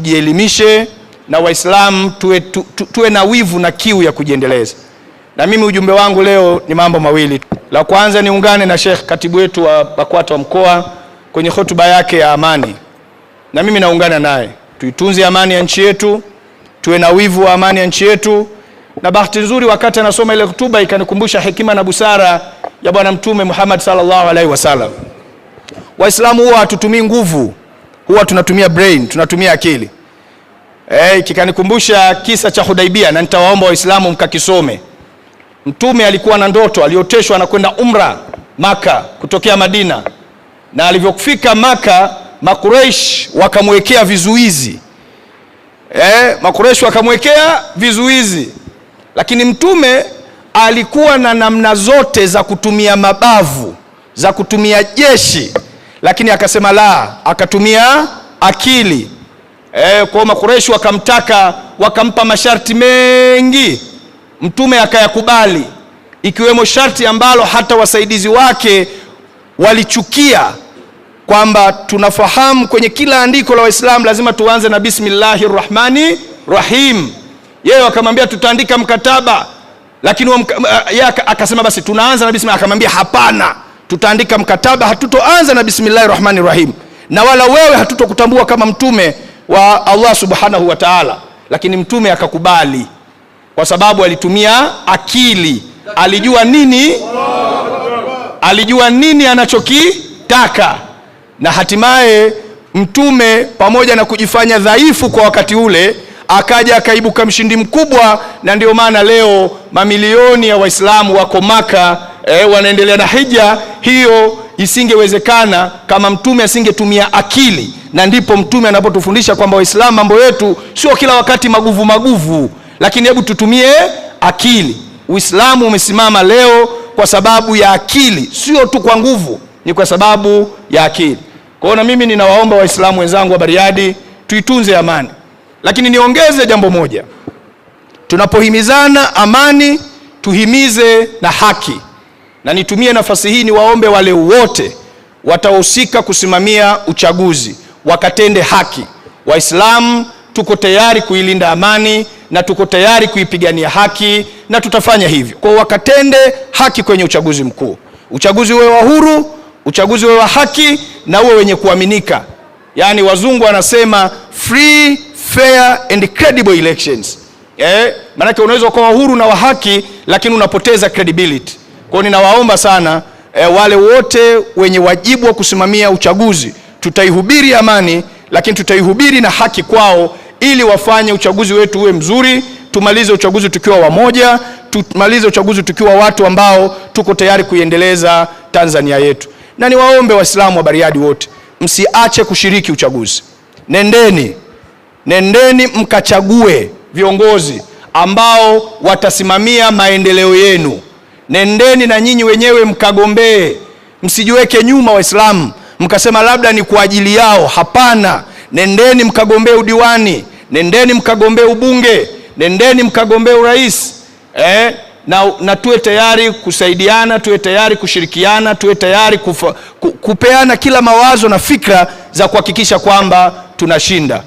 tujielimishe na Waislamu tuwe, tu, tu, tuwe na wivu na kiu ya kujiendeleza. Na mimi ujumbe wangu leo ni mambo mawili. La kwanza niungane na Sheikh katibu wetu wa BAKWATA wa mkoa kwenye hotuba yake ya amani, na mimi naungana naye, tuitunze amani ya nchi yetu, tuwe na wivu wa amani ya nchi yetu. Na bahati nzuri, wakati anasoma ile hotuba ikanikumbusha hekima na busara ya Bwana Mtume Muhammad sallallahu alaihi wasallam. Waislamu huwa hatutumii nguvu huwa tunatumia brain, tunatumia akili eh, kikanikumbusha kisa cha Hudaibia, na nitawaomba Waislamu mkakisome. Mtume alikuwa na ndoto, alioteshwa anakwenda umra Maka kutokea Madina, na alivyofika Maka Makureish wakamwekea vizuizi eh, Makureish wakamwekea vizuizi, lakini mtume alikuwa na namna zote za kutumia mabavu, za kutumia jeshi lakini akasema la, akatumia akili e. Kwa Makureshi wakamtaka, wakampa masharti mengi, Mtume akayakubali, ikiwemo sharti ambalo hata wasaidizi wake walichukia kwamba tunafahamu kwenye kila andiko la Waislamu lazima tuanze na bismillahi rahmani rahim. Yeye wakamwambia tutaandika mkataba, lakini yeye akasema basi tunaanza na bismillah. Akamwambia hapana tutaandika mkataba, hatutoanza na bismillahi rahmani rahim, na wala wewe hatutokutambua kama mtume wa Allah subhanahu wa ta'ala. Lakini mtume akakubali, kwa sababu alitumia akili, alijua nini, alijua nini anachokitaka, na hatimaye mtume pamoja na kujifanya dhaifu kwa wakati ule akaja akaibuka mshindi mkubwa, na ndio maana leo mamilioni ya Waislamu wako Maka eh, wanaendelea na hija hiyo isingewezekana kama mtume asingetumia akili, na ndipo mtume anapotufundisha kwamba Waislamu mambo yetu sio kila wakati maguvu maguvu, lakini hebu tutumie akili. Uislamu umesimama leo kwa sababu ya akili, sio tu kwa nguvu, ni kwa sababu ya akili. kwao na mimi ninawaomba Waislamu wenzangu wa Bariadi tuitunze amani, lakini niongeze jambo moja, tunapohimizana amani tuhimize na haki na nitumie nafasi hii niwaombe wale wote watahusika kusimamia uchaguzi wakatende haki. Waislamu tuko tayari kuilinda amani na tuko tayari kuipigania haki na tutafanya hivyo. Kwa wakatende haki kwenye uchaguzi mkuu, uchaguzi uwe wa huru, uchaguzi uwe wa haki na uwe wenye kuaminika. Yaani wazungu wanasema free fair and credible elections. Eh, maanake unaweza ukawa huru na wa haki, lakini unapoteza credibility. Kwa ninawaomba sana e, wale wote wenye wajibu wa kusimamia uchaguzi, tutaihubiri amani, lakini tutaihubiri na haki kwao, ili wafanye uchaguzi wetu uwe mzuri, tumalize uchaguzi tukiwa wamoja, tumalize uchaguzi tukiwa watu ambao tuko tayari kuiendeleza Tanzania yetu. Na niwaombe Waislamu wa Bariadi wote msiache kushiriki uchaguzi. Nendeni, nendeni mkachague viongozi ambao watasimamia maendeleo yenu nendeni na nyinyi wenyewe mkagombee, msijiweke nyuma Waislamu mkasema labda ni kwa ajili yao. Hapana, nendeni mkagombee udiwani, nendeni mkagombee ubunge, nendeni mkagombee urais eh? na, na tuwe tayari kusaidiana, tuwe tayari kushirikiana, tuwe tayari kufa, ku, kupeana kila mawazo na fikra za kuhakikisha kwamba tunashinda.